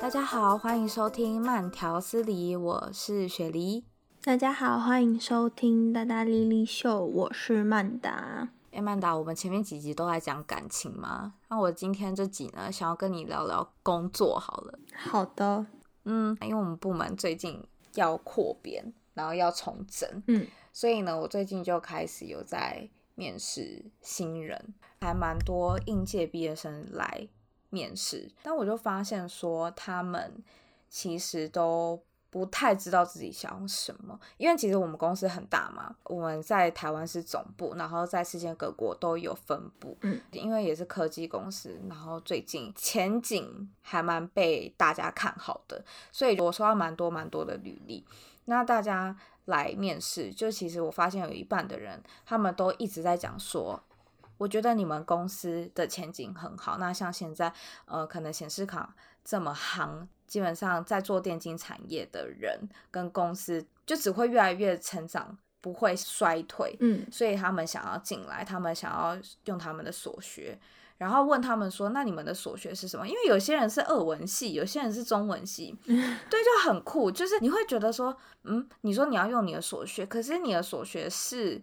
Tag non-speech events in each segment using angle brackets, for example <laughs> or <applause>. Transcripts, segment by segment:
大家好，歡迎收聽慢條斯理，我是雪梨。大家好，歡迎收聽達達麗麗秀，我是曼達。哎、欸，曼達，我們前面幾集都在講感情嗎？那我今天這集呢，想要跟你聊聊工作好了。好的，嗯，因為我們部門最近要擴編，然後要重整，嗯。所以呢，我最近就開始有在面試新人，還蠻多應屆畢業生來面試，但我就發現說他們其實都不太知道自己想要什麼，因為其實我們公司很大嘛，我們在台灣是總部，然後在世界各國都有分部，嗯，因為也是科技公司，然後最近前景還蠻被大家看好的，所以我收到蠻多蠻多的履歷，那大家。來面試，就其實我發現有一半的人，他們都一直在講說，我覺得你們公司的前景很好。那像現在，呃，可能顯示卡這麼夯，基本上在做電競產業的人跟公司，就只會越來越成長，不會衰退。嗯，所以他們想要進來，他們想要用他們的所學。然後問他們說：“那你們的所學是什麼？”因為有些人是俄文系，有些人是中文系，對，就很酷。就是你會覺得說：“嗯，你說你要用你的所學，可是你的所學是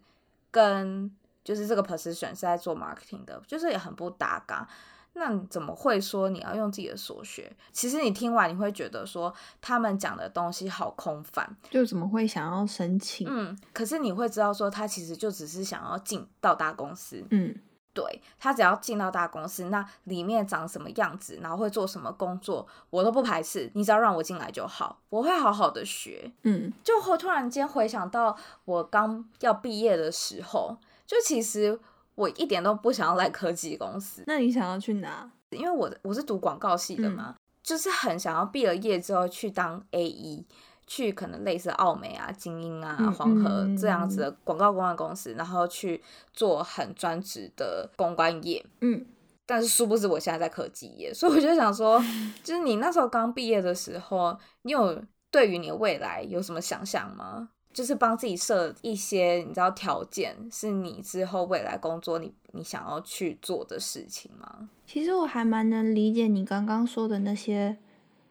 跟就是這個 position 是在做 marketing 的，就是也很不搭嘎。那怎麼會說你要用自己的所學？其實你聽完你會覺得說他們講的東西好空泛，就怎麼會想要申請？嗯，可是你會知道說他其實就只是想要進到大公司，嗯。”對，他只要進到大公司，那裡面長什麼樣子，然後會做什麼工作，我都不排斥。你只要讓我進來就好，我會好好的學。嗯，就會突然間回想到我剛要畢業的時候，就其實我一點都不想要來科技公司。那你想要去哪？因為我我是讀廣告系的嘛、嗯，就是很想要畢了業之後去當 AE。去可能類似奧美啊、精英啊、黃河這樣子的廣告公關公司，然後去做很專職的公關業。嗯。但是殊不知我現在在科技業，所以我就想說，就是你那時候剛畢業的時候，你有對於你的未來有什麼想象嗎？就是幫自己設一些你知道條件，是你之後未來工作你你想要去做的事情嗎？其實我還蠻能理解你剛剛說的那些。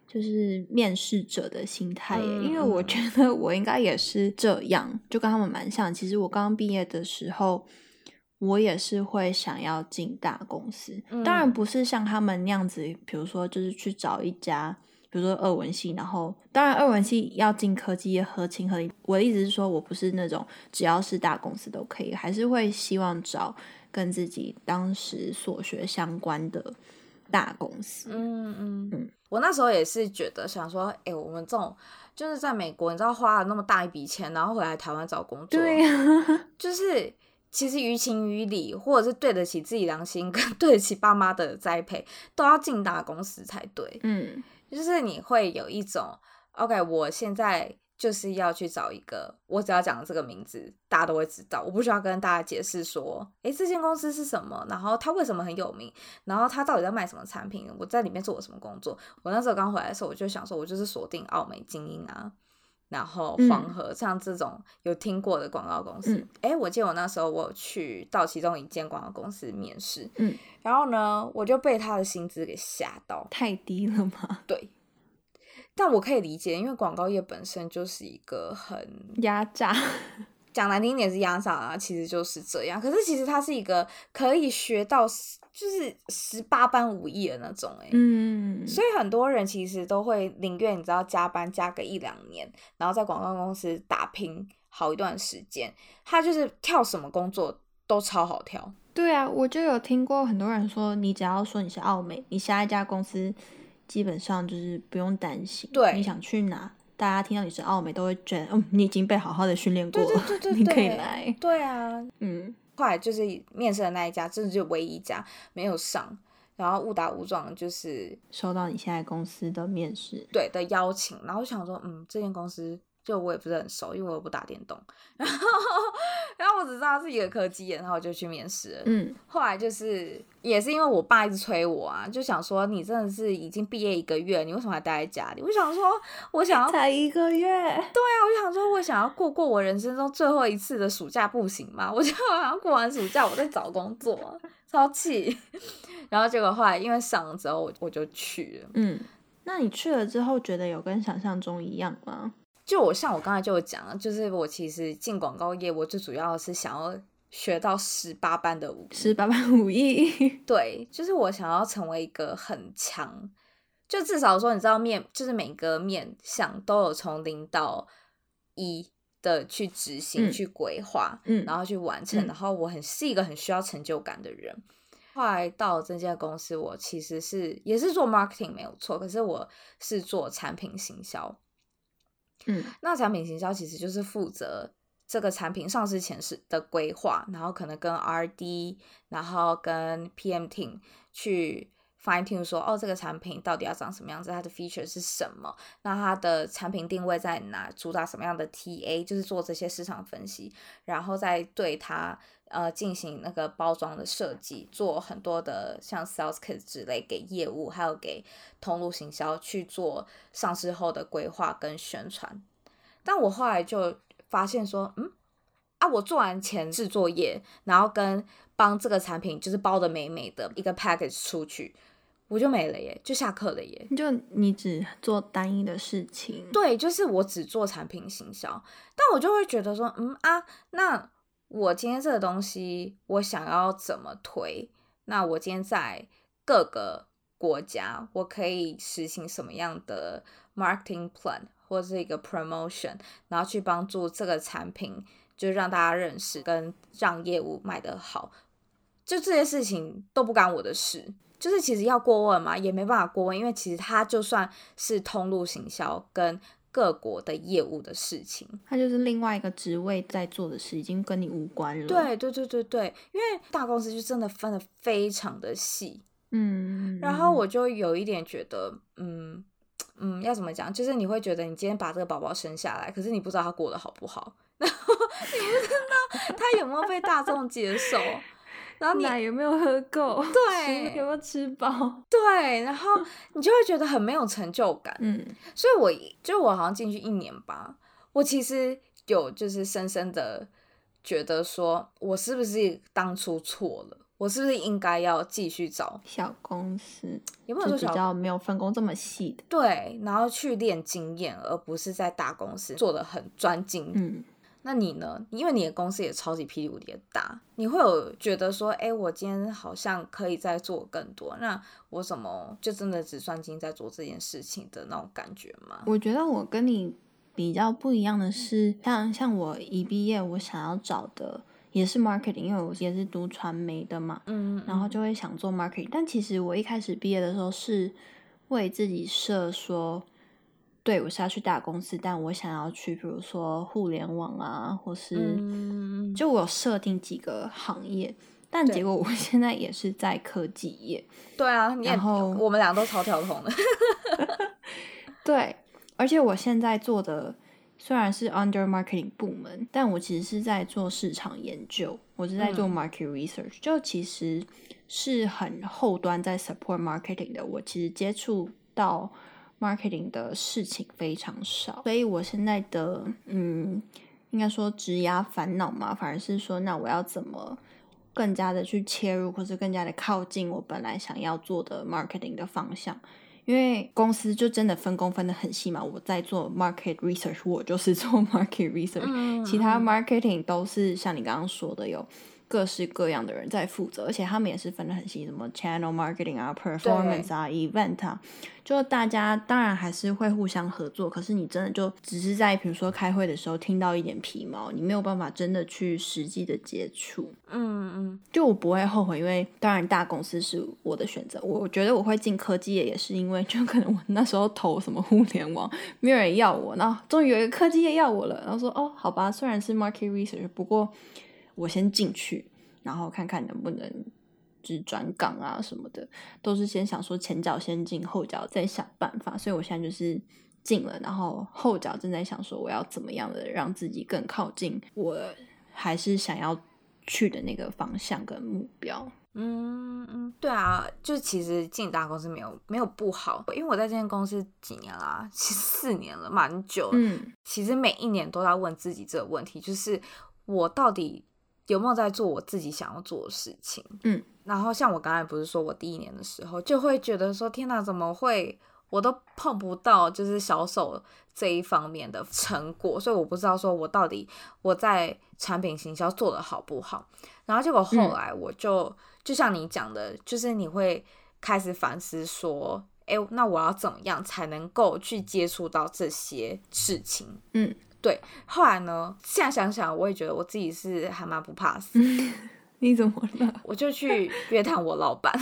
就是面試者的心態耶、嗯、因為我覺得我應該也是這樣，嗯、就跟他們蠻像。其實我剛剛畢業的時候，我也是會想要進大公司、嗯，當然不是像他們那樣子，比如說就是去找一家，比如說俄文系，然後當然俄文系要進科技也合情合理。我的意思是說，我不是那種只要是大公司都可以，還是會希望找跟自己當時所學相關的。大公司，嗯嗯嗯，我那時候也是覺得想說，哎、欸，我們這種就是在美國，你知道花了那麼大一筆錢，然後回來台灣找工作，對呀、啊，就是其實於情於理，或者是對得起自己良心，跟對得起爸媽的栽培，都要進大公司才對，嗯，就是你會有一種，OK，我現在。就是要去找一個，我只要講的這個名字，大家都會知道，我不需要跟大家解釋說，哎，這間公司是什麼，然後他為什麼很有名，然後他到底在賣什麼產品，我在裡面做了什麼工作。我那時候剛回來的時候，我就想說，我就是鎖定奧美精英啊，然後黃河像這種有聽過的廣告公司，哎、嗯，我記得我那時候我去到其中一間廣告公司面試、嗯，然後呢，我就被他的薪資給嚇到，太低了嗎？對。但我可以理解，因為廣告業本身就是一個很壓榨，講難聽點是壓榨啊，其實就是這樣。可是其實它是一個可以學到就是十八般武藝的那種，欸，嗯，所以很多人其實都會寧願你知道加班加個一兩年，然後在廣告公司打拼好一段時間，他就是跳什麼工作都超好跳。對啊，我就有聽過很多人說，你只要說你是奧美，你下一家公司。基本上就是不用擔心，對，你想去哪，大家聽到你是澳美，都會覺得，嗯，你已經被好好的訓練過了，對對對對對對，你可以來。對啊，嗯，後來就是面試的那一家，這、就是就唯一一家沒有上，然後誤打誤撞就是收到你現在公司的面試，對的邀請，然後想說，嗯，這間公司。就我也不是很熟，因為我又不打電動，然後然後我只知道它是一個科技，然後我就去面試。嗯，後來就是也是因為我爸一直催我啊，就想說你真的是已經畢業一個月，你為什麼還待在家裡？我想說，我想要才一個月，對啊，我就想說我想要過過我人生中最後一次的暑假，不行嗎？我就想過完暑假，我再找工作，啊， <laughs> 超氣。然後結果後來因為上了之後，我我就去了。嗯，那你去了之後，覺得有跟想象中一樣嗎？就我像我剛才就有講了，就是我其實進廣告業，我最主要是想要學到十八般武十八般武藝。對，就是我想要成為一個很強，就至少說你知道面，就是每個面向都有從零到一的去執行、嗯、去規劃，嗯，然後去完成。嗯、然後我很是一個很需要成就感的人。後來到這家公司，我其實是也是做 marketing 沒有錯，可是我是做產品行銷。嗯，那產品行銷其實就是負責這個產品上市前是的規劃，然後可能跟 R D，然後跟 P M Team 去 Fine Tune 說，哦，這個產品到底要長什麼樣子，它的 feature 是什麼，那它的產品定位在哪，主打什麼樣的 T A，就是做這些市場分析，然後再對它。呃，進行那個包裝的設計，做很多的像 sales kit 之類給業務，還有給通路行銷去做上市後的規劃跟宣傳。但我後來就發現說，嗯，啊，我做完前置作業，然後跟幫這個產品就是包的美美的一個 package 出去，我就沒了耶，就下課了耶。就你只做單一的事情？對，就是我只做產品行銷，但我就會覺得說，嗯啊，那。我今天這個東西，我想要怎麼推？那我今天在各個國家，我可以實行什麼樣的 marketing plan 或者是一個 promotion，然後去幫助這個產品，就讓大家認識跟讓業務賣得好，就這些事情都不干我的事。就是其實要過問嘛，也沒辦法過問，因為其實它就算是通路行銷跟。各國的業務的事情，他就是另外一個職位在做的事，已經跟你無關了。對對對對對，因為大公司就真的分得非常的細。嗯嗯。然後我就有一點覺得，嗯嗯，要怎麼講？就是你會覺得，你今天把這個寶寶生下來，可是你不知道他過得好不好，然 <laughs> 後你不知道他有沒有被大眾接受。然後你奶有沒有喝夠？對，是不是有沒有吃飽？對，然後你就會覺得很沒有成就感。嗯， <laughs> 所以我就我好像進去一年吧，我其實有就是深深的覺得說，我是不是當初錯了？我是不是應該要繼續找小公司？有沒有就比較沒有分工這麼細的？對，然後去練經驗，而不是在大公司做的很專精。嗯。那你呢？因為你的公司也超級霹靂無敵大，你會有覺得說，哎，我今天好像可以再做更多。那我怎麼就真的只專心在做這件事情的那種感覺嗎？我覺得我跟你比較不一樣的是，像像我一畢業，我想要找的也是 marketing，因為我也是讀傳媒的嘛，嗯，然後就會想做 marketing。但其實我一開始畢業的時候是為自己設說。對，我是要去大公司，但我想要去，比如說互聯網啊，或是就我有設定幾個行業，嗯，但結果我現在也是在科技業。對啊，然後你也 <laughs> 我們倆都超跳通的。 <laughs> <laughs> 對，而且我現在做的雖然是 under marketing 部門，但我其實是在做市場研究，我是在做 market research，嗯，就其實是很後端在 support marketing 的。我其實接觸到。marketing 的事情非常少，所以我現在的嗯，應該說職涯煩惱嘛，反而是說，那我要怎麼更加的去切入，或者更加的靠近我本來想要做的 marketing 的方向？因為公司就真的分工分得很細嘛，我在做 market research，我就是做 market research，其他 marketing 都是像你剛剛說的有，各式各樣的人在負責，而且他們也是分得很細，什麼 channel marketing 啊，performance 啊，event 啊，就大家當然還是會互相合作。可是你真的就只是在比如說開會的時候聽到一點皮毛，你沒有辦法真的去實際的接觸。嗯嗯。就我不會後悔，因為當然大公司是我的選擇。我覺得我會進科技業也，也是因為，就可能我那時候投什麼互聯網，沒有人要我，然後終於有一個科技業要我了，然後說哦好吧，雖然是 market research，不過。我先進去，然後看看能不能，就是轉崗啊什麼的，都是先想說前腳先進，後腳再想辦法。所以我現在就是進了，然後後腳正在想說我要怎麼樣的讓自己更靠近，我還是想要去的那個方向跟目標。嗯，對啊，就其實進大公司沒有沒有不好，因為我在這間公司幾年啦啊？其實四年了，蠻久。嗯，其實每一年都在問自己這個問題，就是我到底。有沒有在做我自己想要做的事情？嗯，然後像我剛才不是說我第一年的時候就會覺得說，天哪，怎麼會我都碰不到就是銷售這一方面的成果，所以我不知道說我到底我在產品行銷做得好不好。然後結果後來我就、嗯、就像你講的，就是你會開始反思說，哎，那我要怎麼樣才能夠去接觸到這些事情？嗯。對，後來呢？現在想想，我也覺得我自己是還蠻不怕死、嗯。你怎麼了？我就去約談我老板。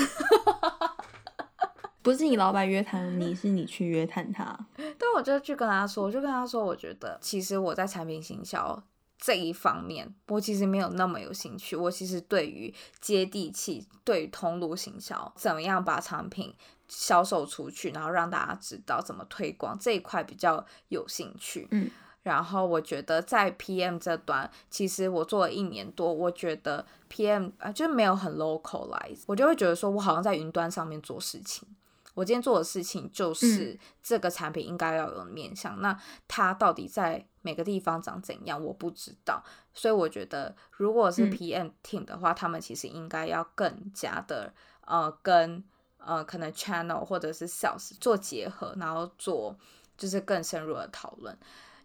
<laughs> 不是你老板約談你，是你去約談他。對，我就去跟他說，我就跟他說，我覺得其實我在產品行銷這一方面，我其實沒有那麼有興趣。我其實對於接地氣、對通路行銷，怎麼樣把產品銷售出去，然後讓大家知道怎麼推廣這一塊比較有興趣。嗯。然後我覺得在 PM 這端，其實我做了一年多，我覺得 PM 啊，就是沒有很 localize，我就會覺得說，我好像在雲端上面做事情。我今天做的事情就是這個產品應該要有面向，嗯，那它到底在每個地方長怎樣，我不知道。所以我覺得，如果是 PM team 的話，嗯，他們其實應該要更加的呃跟呃可能 channel 或者是 sales 做結合，然後做就是更深入的討論。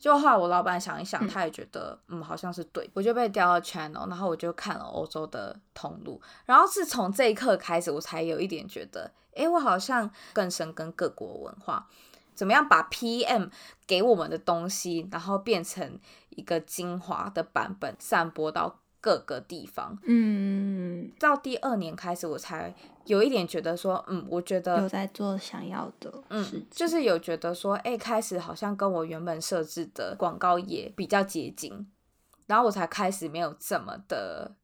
就後來我老闆想一想，他也覺得嗯，好像是對。我就被調到 Channel，然後我就看了歐洲的通路，然後自從這一刻開始，我才有一點覺得，哎、欸，我好像更深耕各國文化，怎麼樣把 PM 給我們的東西，然後變成一個精華的版本，散播到，各個地方，嗯，到第二年開始，我才有一點覺得說，嗯，我覺得有在做想要的事情，嗯，就是有覺得說，哎、欸，開始好像跟我原本設置的廣告也比較接近，然後我才開始沒有這麼的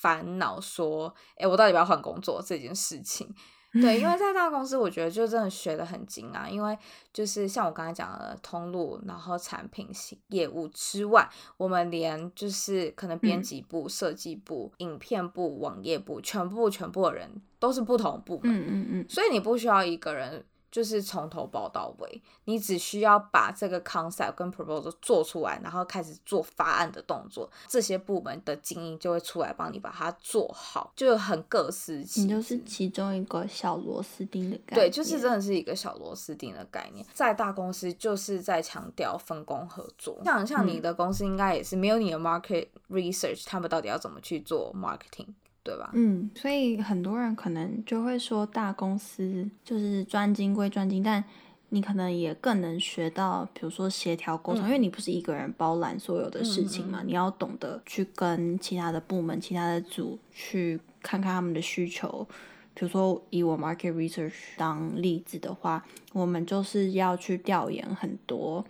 煩惱，說，哎、欸，我到底要不要換工作這件事情。 <noise> 對，因為在大公司，我覺得就真的學得很精啊。因為就是像我剛才講的通路，然後產品、業務之外，我們連就是可能編輯部、設計部、影片部、網頁部，全部全部的人都是不同部門。 <noise> 所以你不需要一個人。就是從頭包到尾，你只需要把這個 concept 跟 proposal 做出來，然後開始做發案的動作，這些部門的精英就會出來幫你把它做好，就很各司其職。你就是其中一個小螺絲釘的概念，對，就是真的是一個小螺絲釘的概念。在大公司就是在強調分工合作，像像你的公司應該也是沒有你的 market research，他們到底要怎麼去做 marketing？對吧，嗯，所以很多人可能就會說，大公司就是專精歸專精，但你可能也更能學到，比如說協調溝通，因為你不是一個人包攬所有的事情嘛，嗯嗯，你要懂得去跟其他的部門、其他的組去看看他們的需求。比如說以我 market research 當例子的話，我們就是要去調研很多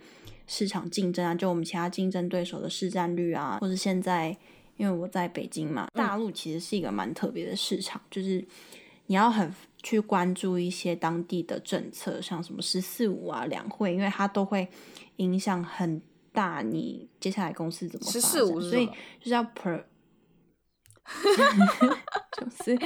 市場競爭啊，就我們其他競爭對手的市佔率啊，或是現在。因為我在北京嘛，大陸其實是一個蠻特別的市場，嗯，就是你要很去關注一些當地的政策，像什麼十四五啊、兩會，因為它都會影響很大，你接下來公司怎麼十四五所，所以就是要 <laughs> <laughs> 就是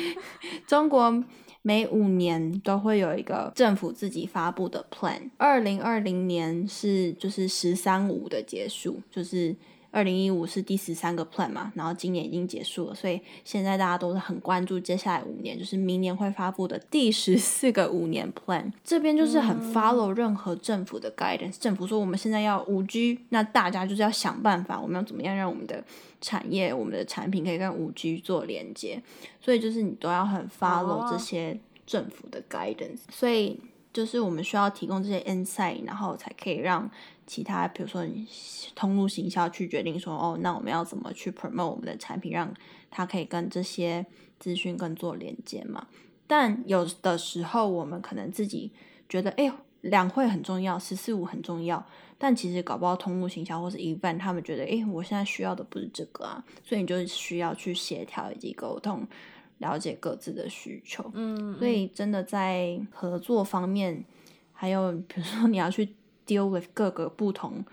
中國每五年都會有一個政府自己發布的 plan。二零二零年是就是十三五的結束，就是。二零一五是第十三個 plan 嘛，然後今年已經結束了，所以現在大家都是很關注接下來五年，就是明年會發布的第十四個五年 plan。這邊就是很 follow 任何政府的 guidance、嗯。政府說我們現在要五 G，那大家就是要想辦法，我們要怎麼樣讓我們的產業、我們的產品可以跟五 G 做連接，所以就是你都要很 follow、哦、這些政府的 guidance。所以就是我們需要提供這些 insight，然後才可以讓。其他，比如說你通路行銷去決定說，哦，那我們要怎麼去 promote 我們的產品，讓他可以跟這些資訊更做連接嘛。但有的時候，我們可能自己覺得，哎，兩會很重要，十四五很重要。但其實搞不好通路行銷或是一半，他們覺得，哎，我現在需要的不是這個啊。所以你就需要去協調以及溝通，了解各自的需求。嗯。所以真的在合作方面，還有比如說你要去。deal with 各個不同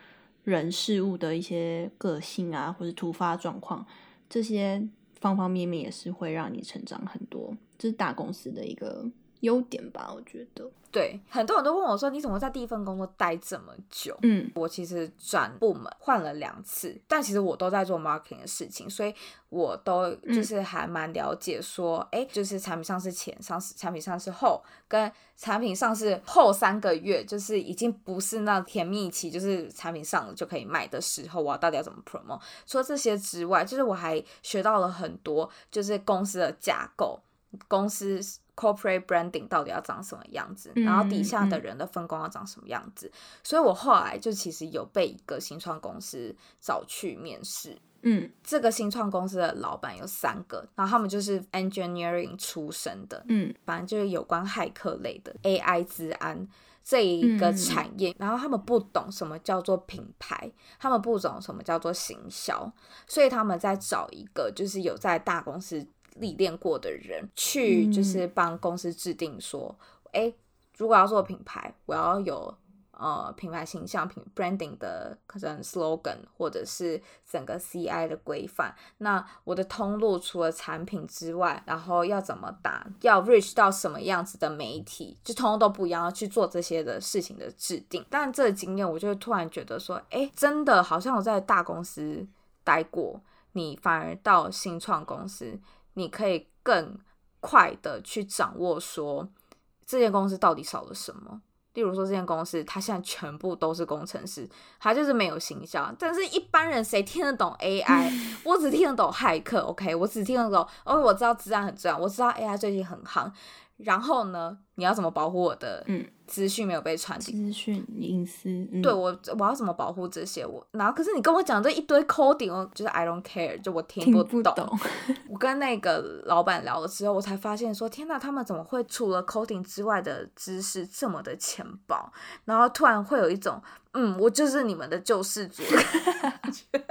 人事物的一些個性啊，或者突發狀況，這些方方面面也是會讓你成長很多。這是大公司的一個。優點吧，我覺得對。很多人都問我說：“你怎麼在第一份工作待這麼久？”嗯，我其實轉部門換了兩次，但其實我都在做 marketing 的事情，所以我都就是還蠻了解說，哎、嗯欸，就是產品上市前、上市產品上市後，跟產品上市後三個月，就是已經不是那甜蜜期，就是產品上了就可以賣的時候，我到底要怎麼 promote。除了這些之外，就是我還學到了很多，就是公司的架構，公司。Corporate branding 到底要長什麼樣子？嗯、然後底下的人的分工要長什麼樣子、嗯？所以我後來就其實有被一個新創公司找去面試。嗯，這個新創公司的老板有三個，然後他們就是 engineering 出身的。嗯，反正就是有關駭客類的 AI、資安這一個產業、嗯嗯。然後他們不懂什麼叫做品牌，他們不懂什麼叫做行銷，所以他們在找一個就是有在大公司。歷練過的人去就是幫公司制定說，哎、嗯，如果要做品牌，我要有呃品牌形象品、品 branding 的可能 slogan，或者是整個 CI 的規範。那我的通路除了產品之外，然後要怎麼打，要 reach 到什麼樣子的媒體，就通通都不一樣。要去做這些的事情的制定，但這個經驗，我就突然覺得說，哎，真的好像我在大公司待過，你反而到新創公司。你可以更快的去掌握說，這間公司到底少了什麼？例如說，這間公司它現在全部都是工程師，它就是沒有行銷。但是，一般人誰聽得懂 AI？ <laughs> 我只聽得懂駭客。OK，我只聽得懂。哦，我知道自然很重要，我知道 AI 最近很夯。然後呢，你要怎麼保護我的嗯資訊沒有被傳遞，嗯，資訊隱私？嗯、對我，我要怎麼保護這些？我然後可是你跟我講這一堆 coding，就是 I don't care，就我聽不，聽不懂。我跟那個老板聊了之後，我才發現說，天哪，他們怎麼會除了 coding 之外的知識這麼的淺薄？然後突然會有一種嗯，我就是你們的救世主，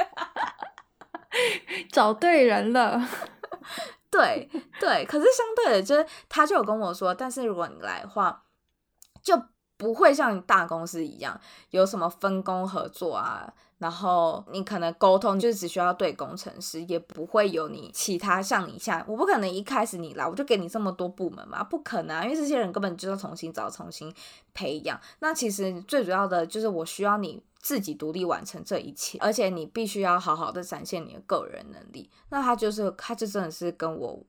<laughs> 找對人了。 <laughs> 對對，可是相對的，就是他就有跟我說，但是如果你來的話，就不會像你大公司一樣有什麼分工合作啊，然後你可能溝通就是只需要對工程師，也不會有你其他像你像，我不可能一開始你來我就給你這麼多部門嘛，不可能啊，因為這些人根本就要重新找、重新培養。那其實最主要的就是我需要你。自己獨立完成這一切，而且你必須要好好的展現你的個人能力。那他就是，他就真的是跟我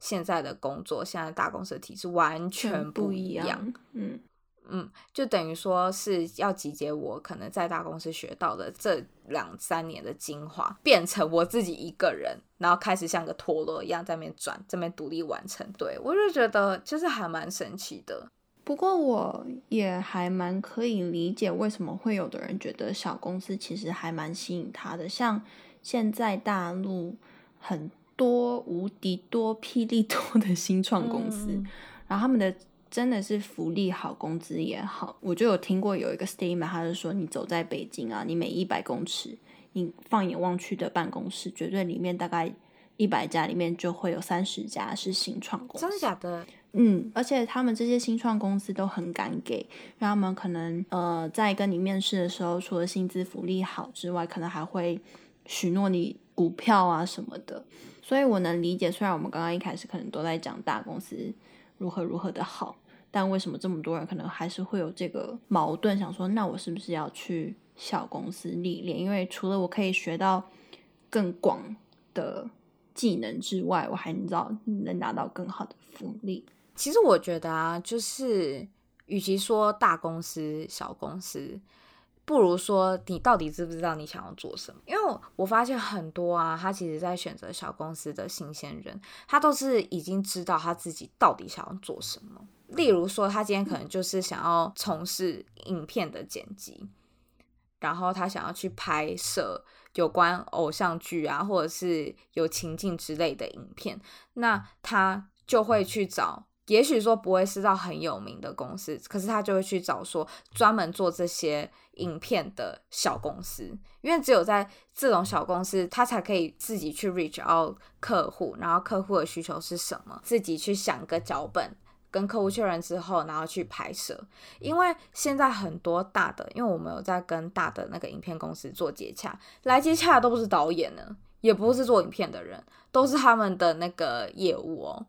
現在的工作、現在大公司的體制完全不一樣。一樣嗯嗯，就等於說是要集結我可能在大公司學到的這兩三年的精華，變成我自己一個人，然後開始像個陀螺一樣在那邊轉，這邊獨立完成。對，我就覺得，就是還蠻神奇的。不過我也還蠻可以理解，為什麼會有的人覺得小公司其實還蠻吸引他的。像現在大陸很多無敵多、霹靂多的新創公司、嗯，然後他們的真的是福利好，工資也好。我就有聽過有一個 statement，他就說，你走在北京啊，你每一百公尺，你放眼望去的辦公室，絕對裡面大概一百家裡面就會有三十家是新創公司。真的假的？嗯，而且他們這些新創公司都很敢給，讓他們可能呃在跟你面試的時候，除了薪資福利好之外，可能還會許諾你股票啊什麼的。所以我能理解，雖然我們剛剛一開始可能都在講大公司如何如何的好，但為什麼這麼多人可能還是會有這個矛盾，想說那我是不是要去小公司歷練？因為除了我可以學到更廣的技能之外，我還能找能拿到更好的福利。其實我覺得啊，就是與其說大公司、小公司，不如說你到底知不知道你想要做什麼？因為我發現很多啊，他其實在選擇小公司的新鮮人，他都是已經知道他自己到底想要做什麼。例如說，他今天可能就是想要從事影片的剪輯，然後他想要去拍攝有關偶像劇啊，或者是有情境之類的影片，那他就會去找。也許說不會是到很有名的公司，可是他就會去找說專門做這些影片的小公司，因為只有在這種小公司，他才可以自己去 reach out 客戶，然後客戶的需求是什麼，自己去想個腳本，跟客戶確認之後，然後去拍攝。因為現在很多大的，因為我們有在跟大的那個影片公司做接洽，來接洽的都不是導演呢，也不是做影片的人，都是他們的那個業務哦。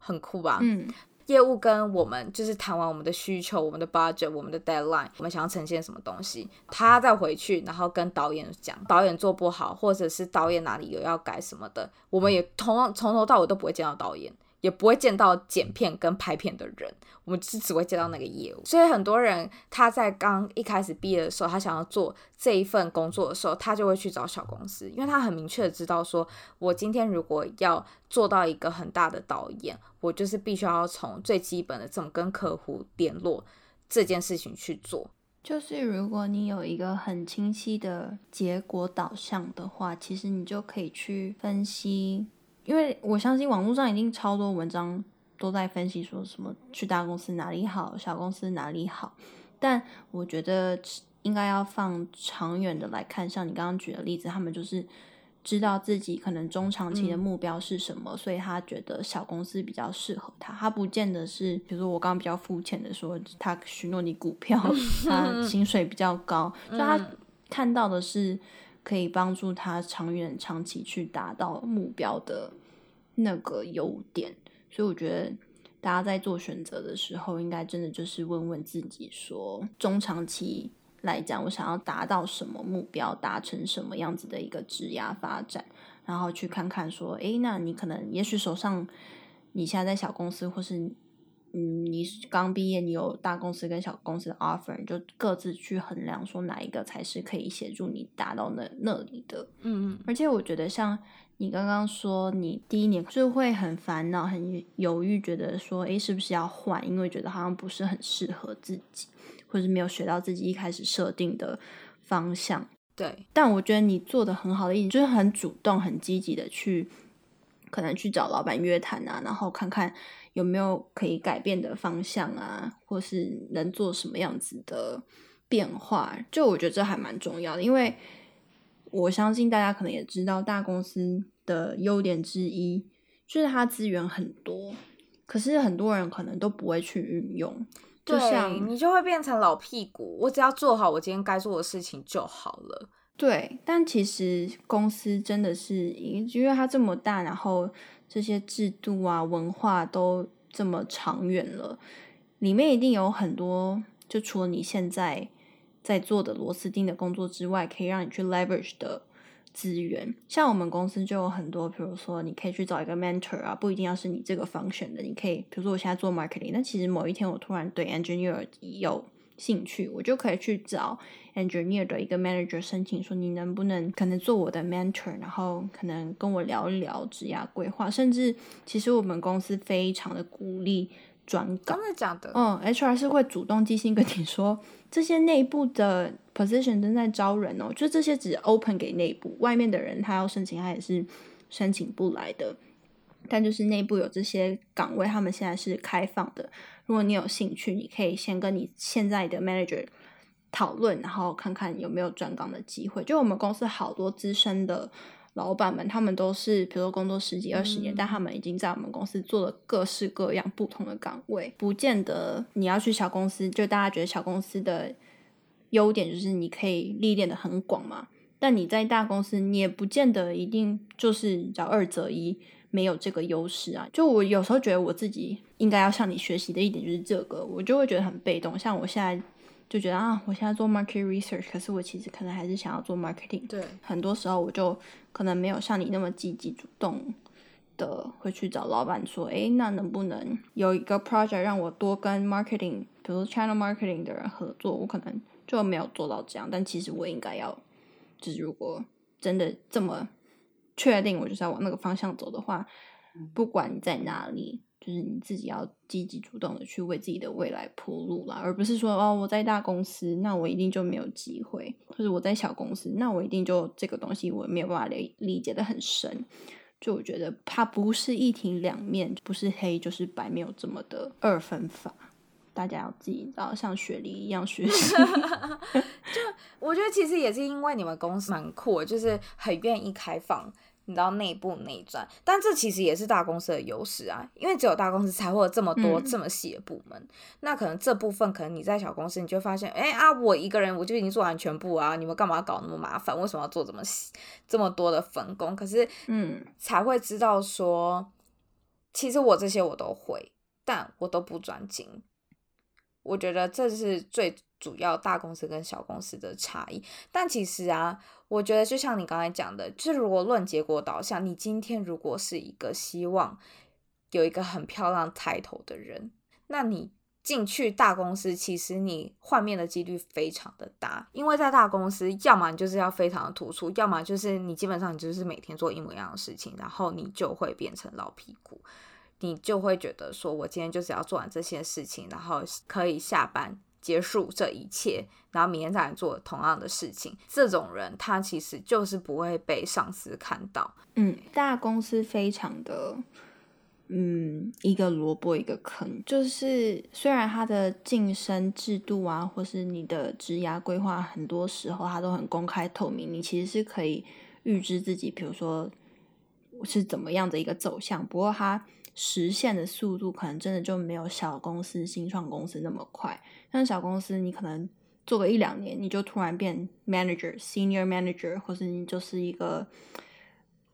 很酷吧？嗯，業務跟我們就是談完我們的需求、我們的 budget、我們的 deadline、我們想要呈現什麼東西，他再回去，然後跟導演講，導演做不好，或者是導演哪裡有要改什麼的，我們也從從頭到尾都不會見到導演。也不會見到剪片跟拍片的人，我們只只會見到那個業務。所以很多人他在剛一開始畢業的時候，他想要做這一份工作的時候，他就會去找小公司，因為他很明確的知道說，說我今天如果要做到一個很大的導演，我就是必須要從最基本的這種跟客戶聯絡這件事情去做。就是如果你有一個很清晰的結果導向的話，其實你就可以去分析。因為我相信網絡上已經超多文章都在分析說什麼去大公司哪裡好，小公司哪裡好，但我覺得應該要放長遠的來看。像你剛剛舉的例子，他們就是知道自己可能中長期的目標是什麼，嗯、所以他覺得小公司比較適合他。他不見得是，比如說我剛剛比較膚淺的說，他許諾你股票，他薪水比較高，嗯、就他看到的是。可以幫助他長遠、長期去達到目標的那個優點，所以我覺得大家在做選擇的時候，應該真的就是問問自己說：說中長期來講，我想要達到什麼目標，達成什麼樣子的一個職業發展，然後去看看說，誒，那你可能也許手上你現在在小公司，或是。嗯，你剛畢業，你有大公司跟小公司的 offer，就各自去衡量，說哪一個才是可以協助你達到那那裡的。嗯嗯。而且我覺得，像你剛剛說，你第一年就會很煩惱、很猶豫，覺得說，誒，是不是要換？因為覺得好像不是很適合自己，或者是沒有學到自己一開始設定的方向。對。但我覺得你做得很好的一點，就是很主動、很積極的去，可能去找老闆約談啊，然後看看。有沒有可以改變的方向啊，或是能做什麼樣子的變化？就我覺得這還蠻重要的，因為我相信大家可能也知道，大公司的優點之一就是它資源很多，可是很多人可能都不會去運用。對，就像，你就會變成老屁股，我只要做好我今天該做的事情就好了。對，但其實公司真的是，因因為它這麼大，然後這些制度啊、文化都這麼長遠了，裡面一定有很多，就除了你現在在做的螺絲釘的工作之外，可以讓你去 leverage 的資源。像我們公司就有很多，比如說你可以去找一個 mentor 啊，不一定要是你這個 function 的，你可以，比如說我現在做 marketing，但其實某一天我突然對 engineer 有興趣，我就可以去找 engineer 的一個 manager 申請，說你能不能可能做我的 mentor，然後可能跟我聊一聊職涯規劃。甚至其實我們公司非常的鼓勵轉崗，真的假的，嗯，HR 是會主動寄信跟你說這些內部的 position 正在招人哦，就這些只 open 給內部，外面的人他要申請他也是申請不來的。但就是內部有這些崗位，他們現在是開放的。如果你有興趣，你可以先跟你現在的 manager 討論，然後看看有沒有轉崗的機會。就我們公司好多資深的老闆們，他們都是，比如說工作十幾二十年，嗯，但他們已經在我們公司做了各式各樣不同的崗位，不見得你要去小公司。就大家覺得小公司的優點就是你可以歷練得很廣嘛，但你在大公司，你也不見得一定就是要二擇一。沒有這個優勢啊！就我有時候覺得我自己應該要向你學習的一點就是這個，我就會覺得很被動。像我現在就覺得啊，我現在做 market research，可是我其實可能還是想要做 marketing。對，很多時候我就可能沒有像你那麼積極主動的會去找老闆說，哎，那能不能有一個 project 讓我多跟 marketing，比如 China marketing 的人合作？我可能就沒有做到這樣，但其實我應該要，就是如果真的這麼。確定我就是要往那個方向走的話，不管你在哪裡，就是你自己要積極主動的去為自己的未來鋪路了，而不是說，哦我在大公司，那我一定就沒有機會；或、就、者、是、我在小公司，那我一定就這個東西我也沒有辦法理理解得很深。就我覺得它不是一體兩面，不是黑就是白，沒有這麼的二分法。大家要記，然後像雪梨一樣學習。 <laughs> <laughs> 就我覺得其實也是因為你們公司蠻酷，就是很願意開放。你到內部內轉，但這其實也是大公司的優勢啊，因為只有大公司才會有這麼多這麼細的部門，嗯。那可能這部分，可能你在小公司，你就發現，哎、欸、啊，我一個人我就已經做完全部啊，你們幹嘛搞那麼麻煩？為什麼要做這麼細、這麼多的分工？可是，嗯，才會知道說，嗯，其實我這些我都會，但我都不專精。我覺得這是最。主要大公司跟小公司的差異，但其實啊，我覺得就像你剛才講的，就如果論結果導向，像你今天如果是一個希望有一個很漂亮抬頭的人，那你進去大公司，其實你換面的幾率非常的大，因為在大公司，要麼就是要非常的突出，要麼就是你基本上你就是每天做一模一樣的事情，然後你就會變成老屁股，你就會覺得說我今天就是要做完這些事情，然後可以下班。結束這一切，然後明天再來做同樣的事情。這種人他其實就是不會被上司看到。嗯，大公司非常的，嗯，一個蘿蔔一個坑。就是雖然他的晉升制度啊，或是你的職涯規劃，很多時候他都很公開透明，你其實是可以預知自己，比如說我是怎麼樣的一個走向。不過他。實現的速度可能真的就沒有小公司、新創公司那麼快。像小公司，你可能做個一兩年，你就突然變 manager、senior manager，或是你就是一個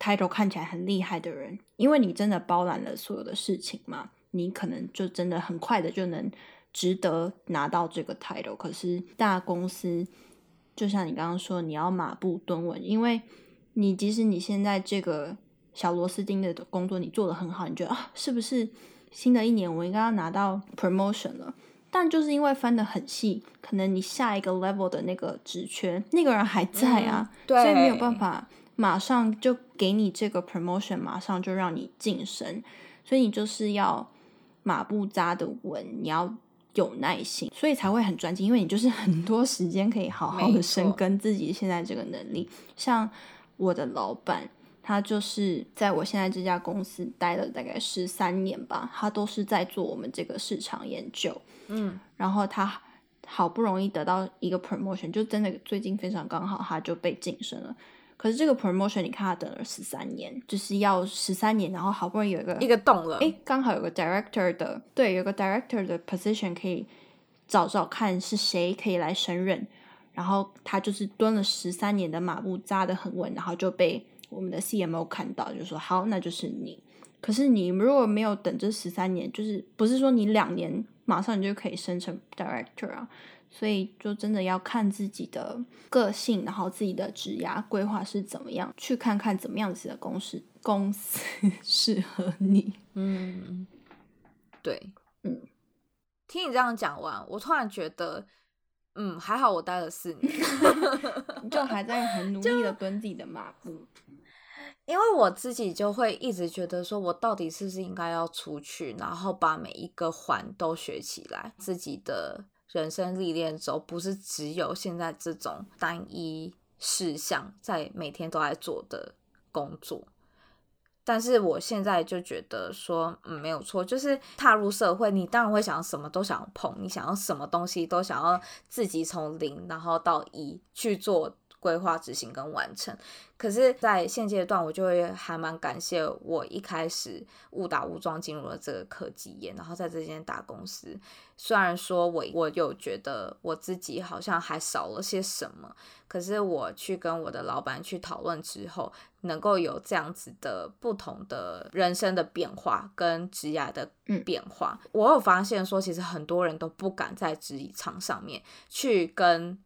title 看起來很厲害的人，因為你真的包攬了所有的事情嘛。你可能就真的很快的就能值得拿到這個 title。可是大公司，就像你剛剛說，你要馬步蹲穩，因為你即使你現在這個。小螺絲釘的工作你做的很好，你覺得啊，是不是新的一年我應該要拿到 promotion 了？但就是因為翻的很細，可能你下一個 level 的那個職缺那個人還在啊，嗯、對，所以沒有辦法馬上就給你這個 promotion，馬上就讓你晉升，所以你就是要馬步扎的穩，你要有耐心，所以才會很專心，因為你就是很多時間可以好好的深耕自己現在這個能力。像我的老闆。他就是在我現在這家公司待了大概十三年吧，他都是在做我們這個市場研究。嗯，然後他好不容易得到一個 promotion，就真的最近非常剛好，他就被晉升了。可是這個 promotion，你看他等了十三年，就是要十三年，然後好不容易有一個一個動了，誒，剛好有個 director 的，對，有個 director 的 position 可以找找看是誰可以來升任。然後他就是蹲了十三年的馬步扎得很穩，然後就被。我們的 CMO 看到就說，好，那就是你。可是你如果沒有等這十三年，就是不是說你兩年馬上你就可以升成 Director 啊。所以就真的要看自己的個性，然後自己的職涯規劃是怎麼樣，去看看怎麼樣子的公司，公司適合你。嗯，對，嗯，聽你這樣講完，我突然覺得，嗯，還好我待了四年， <laughs> 就還在很努力的蹲自己的馬步。因為我自己就會一直覺得說，我到底是不是應該要出去，然後把每一個環都學起來，自己的人生歷練之後不是只有現在這種單一事項在每天都在做的工作。但是我現在就覺得說，嗯，沒有錯，就是踏入社會，你當然會想什麼都想碰，你想要什麼東西都想要自己從零然後到一去做。規劃、執行跟完成，可是，在現階段，我就會還蠻感謝我一開始誤打誤撞進入了這個科技業，然後在這間大公司。雖然說我，我我有覺得我自己好像還少了些什麼，可是，我去跟我的老闆去討論之後，能夠有這樣子的不同的人生的變化跟職業的變化、嗯，我有發現說，其實很多人都不敢在職場上面去跟，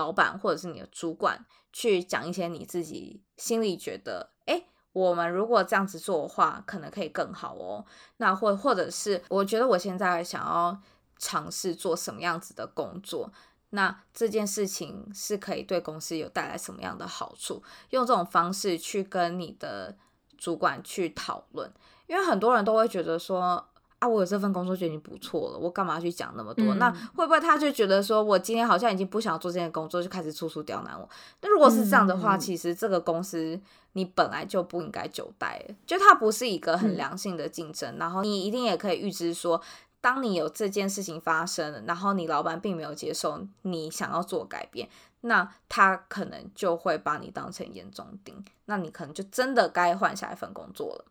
老闆或者是你的主管去講一些你自己心裡覺得，哎，我們如果這樣子做的話，可能可以更好哦。那或或者是，我覺得我現在想要嘗試做什麼樣子的工作，那這件事情是可以對公司有帶來什麼樣的好處？用這種方式去跟你的主管去討論，因為很多人都會覺得說，啊，我有這份工作就已經不錯了，我幹嘛去講那麼多，嗯。那會不會他就覺得說，我今天好像已經不想要做這份工作，就開始處處刁難我？那如果是這樣的話，嗯嗯其實這個公司你本來就不應該久待了，就它不是一個很良性的競爭，嗯。然後你一定也可以預知說，當你有這件事情發生，然後你老板並沒有接受你想要做改變，那他可能就會把你當成眼中釘，那你可能就真的該換下一份工作了。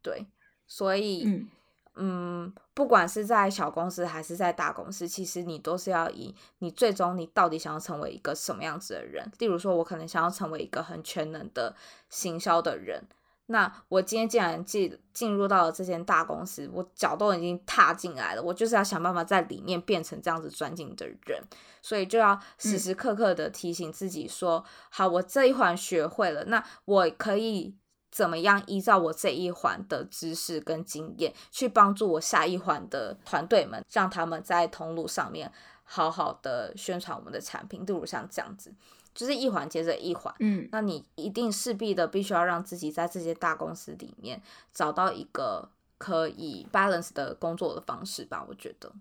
對，所以。嗯嗯，不管是在小公司還是在大公司，其實你都是要以你最終你到底想要成為一個什麼樣子的人。例如說，我可能想要成為一個很全能的行銷的人。那我今天既然進進入到了這間大公司，我腳都已經踏進來了，我就是要想辦法在裡面變成這樣子專精的人。所以就要時時刻刻的提醒自己說，嗯、好，我這一環學會了，那我可以。怎麼樣依照我這一環的知識跟經驗，去幫助我下一環的團隊們，讓他們在通路上面好好的宣傳我們的產品，例如像這樣子，就是一環接着一環。嗯，那你一定勢必的必須要讓自己在這些大公司裡面找到一個可以 balance 的工作的方式吧，我覺得。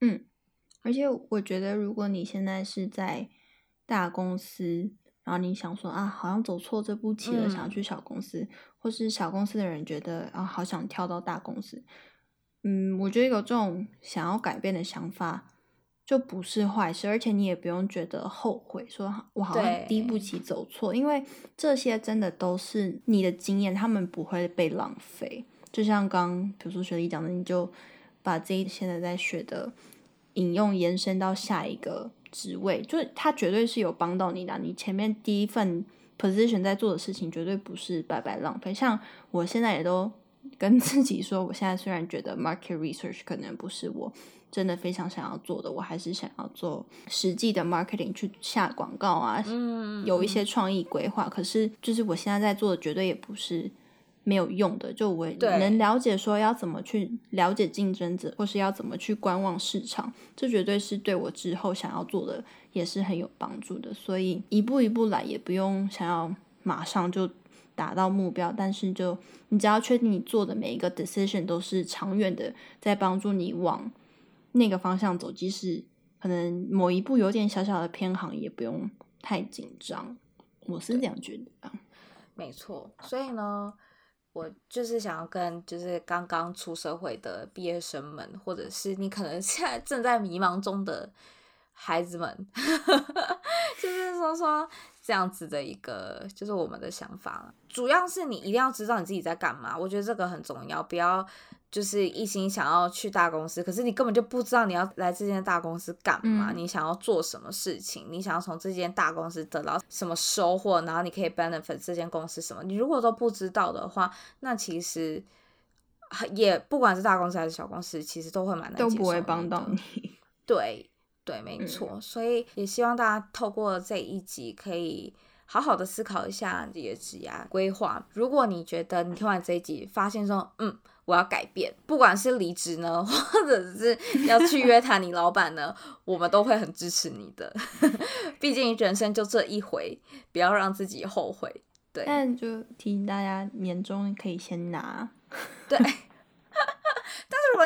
嗯，而且我覺得如果你現在是在大公司。然後你想說啊，好像走錯這步棋了，嗯，想要去小公司，或是小公司的人覺得啊，好想跳到大公司。嗯，我覺得有這種想要改變的想法，就不是壞事，而且你也不用覺得後悔說，說我好像第一步棋走錯，因為這些真的都是你的經驗，他們不會被浪費。就像剛，比如說學弟講的，你就把自己現在在學的引用延伸到下一個。職位，就他絕對是有幫到你的，你前面第一份 position 在做的事情絕對不是白白浪費。像我現在也都跟自己說，我現在雖然覺得 market research 可能不是我真的非常想要做的，我還是想要做實際的 marketing 去下廣告啊，嗯，有一些創意規劃。可是就是我現在在做的絕對也不是。沒有用的，就我能了解說要怎麼去了解競爭者，或是要怎麼去觀望市場，這絕對是對我之後想要做的也是很有幫助的。所以一步一步來，也不用想要馬上就達到目標，但是就你只要確定你做的每一個 decision 都是長遠的，在幫助你往那個方向走，即使可能某一步有點小小的偏航，也不用太緊張。我是這樣覺得啊。啊，沒錯，所以呢。我就是想要跟就是剛剛出社會的畢業生們，或者是你可能現在正在迷茫中的孩子們，呵呵就是說說。這樣子的一個就是我們的想法了，主要是你一定要知道你自己在幹嘛，我覺得這個很重要。不要就是一心想要去大公司，可是你根本就不知道你要來這間大公司幹嘛、嗯，你想要做什麼事情，你想要從這間大公司得到什麼收穫，然後你可以 benefit 這間公司什麼。你如果都不知道的話，那其實也不管是大公司還是小公司，其實都會蠻難，都不會幫到你。對。對，沒錯、嗯，所以也希望大家透過這一集，可以好好的思考一下的職涯規劃。如果你覺得你聽完這一集，發現說，嗯，我要改變，不管是離職呢，或者是要去約談你老闆呢， <laughs> 我們都會很支持你的。 <laughs> 畢竟人生就這一回，不要讓自己後悔。對，但就提醒大家，年終可以先拿。對。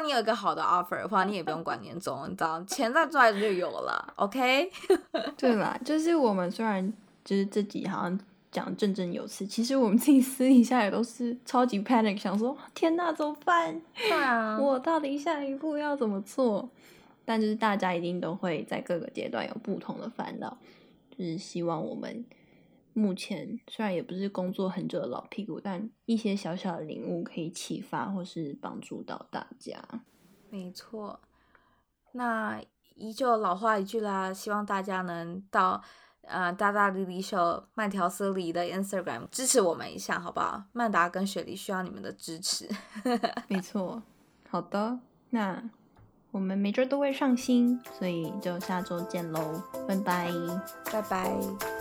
你有一個好的 offer 的話，你也不用管年終，你知道，錢再賺就有了。 <laughs> OK， <laughs> 對啦，就是我們雖然就是自己好像講振振有詞，其實我們自己私底下也都是超級 panic，想說天吶，怎麼辦？對、嗯、啊，我到底下一步要怎麼做？但就是大家一定都會在各個階段有不同的煩惱，就是希望我們。目前雖然也不是工作很久的老屁股，但一些小小的領悟可以啟發或是幫助到大家。沒錯，那依舊老話一句啦，希望大家能到、呃、大大李李秀慢條斯理的 Instagram 支持我們一下，好不好？曼達跟雪梨需要你們的支持。 <laughs> 沒錯，好的，那我們每週都會上新，所以就下周見嘍，拜拜，拜拜。